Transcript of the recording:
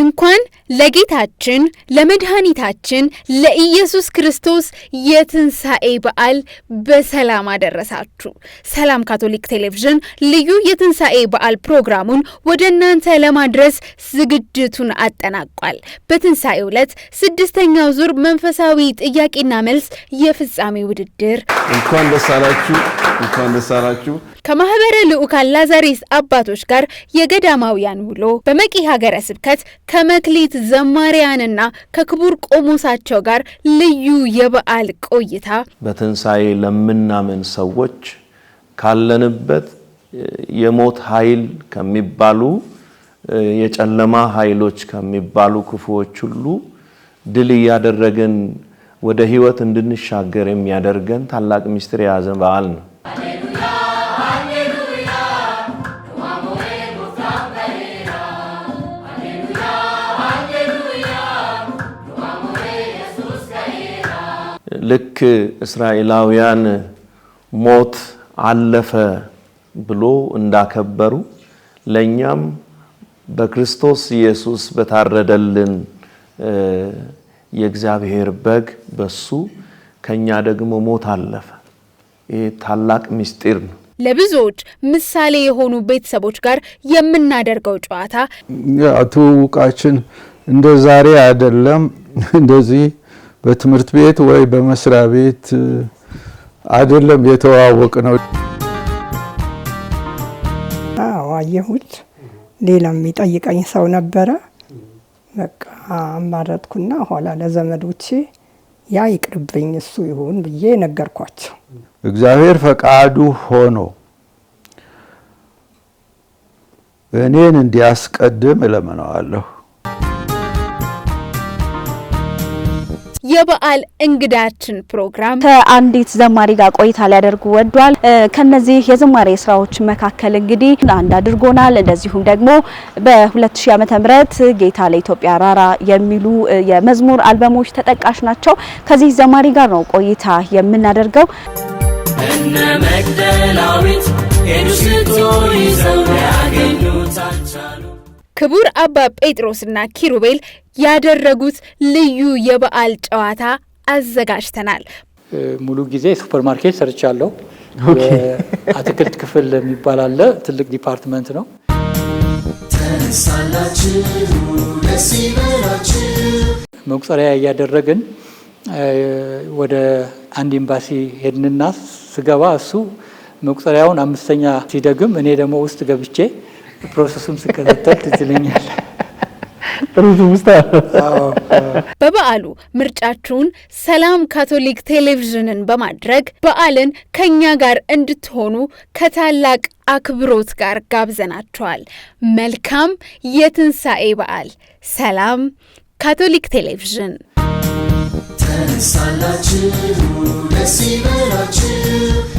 እንኳን ለጌታችን ለመድኃኒታችን ለኢየሱስ ክርስቶስ የትንሣኤ በዓል በሰላም አደረሳችሁ። ሰላም ካቶሊክ ቴሌቪዥን ልዩ የትንሣኤ በዓል ፕሮግራሙን ወደ እናንተ ለማድረስ ዝግጅቱን አጠናቋል። በትንሣኤ ዕለት ስድስተኛው ዙር መንፈሳዊ ጥያቄና መልስ የፍጻሜ ውድድር እንኳን ደስ አላችሁ እንኳን ደስ አላችሁ ከማኅበረ ልዑካን ላዛሬስ አባቶች ጋር የገዳማውያን ውሎ በመቂ ሀገረ ስብከት ከመክሊት ዘማሪያንና ከክቡር ቆሞሳቸው ጋር ልዩ የበዓል ቆይታ በትንሣኤ ለምናምን ሰዎች ካለንበት የሞት ኃይል ከሚባሉ የጨለማ ኃይሎች ከሚባሉ ክፉዎች ሁሉ ድል እያደረገን ወደ ሕይወት እንድንሻገር የሚያደርገን ታላቅ ምስጢር የያዘ በዓል ነው። ልክ እስራኤላውያን ሞት አለፈ ብሎ እንዳከበሩ ለእኛም በክርስቶስ ኢየሱስ በታረደልን የእግዚአብሔር በግ በሱ ከኛ ደግሞ ሞት አለፈ። ይህ ታላቅ ምስጢር ነው። ለብዙዎች ምሳሌ የሆኑ ቤተሰቦች ጋር የምናደርገው ጨዋታ ትውውቃችን እንደ ዛሬ አይደለም እንደዚህ በትምህርት ቤት ወይ በመስሪያ ቤት አይደለም የተዋወቅ ነው። አየሁት። ሌላም የሚጠይቀኝ ሰው ነበረ። በቃ አማረጥኩና ኋላ ለዘመዶቼ ያ ይቅርብኝ እሱ ይሁን ብዬ ነገርኳቸው። እግዚአብሔር ፈቃዱ ሆኖ እኔን እንዲያስቀድም እለምነዋለሁ። የበዓል እንግዳችን ፕሮግራም ከአንዲት ዘማሪ ጋር ቆይታ ሊያደርጉ ወዷል። ከነዚህ የዝማሬ ስራዎች መካከል እንግዲህ አንድ አድርጎናል። እንደዚሁም ደግሞ በ2000 ዓ ም ጌታ ለኢትዮጵያ ራራ የሚሉ የመዝሙር አልበሞች ተጠቃሽ ናቸው። ከዚህ ዘማሪ ጋር ነው ቆይታ የምናደርገው። እነ መግደላዊት ሄዱ ስትይዘው ክቡር አባ ጴጥሮስና ኪሩቤል ያደረጉት ልዩ የበዓል ጨዋታ አዘጋጅተናል። ሙሉ ጊዜ ሱፐር ሰርቻ ሰርቻለሁ። አትክልት ክፍል የሚባል አለ፣ ትልቅ ዲፓርትመንት ነው። መቁጠሪያ እያደረግን ወደ አንድ ኤምባሲ ሄድንና ስገባ እሱ መቁጠሪያውን አምስተኛ ሲደግም እኔ ደግሞ ውስጥ ገብቼ ፕሮሰሱን ስከታተል ትዝ ይለኛል። በበዓሉ ምርጫችሁን ሰላም ካቶሊክ ቴሌቪዥንን በማድረግ በዓልን ከእኛ ጋር እንድትሆኑ ከታላቅ አክብሮት ጋር ጋብዘናችኋል። መልካም የትንሣኤ በዓል። ሰላም ካቶሊክ ቴሌቪዥን ተነሳላችሁ፣ ደስ ይበላችሁ።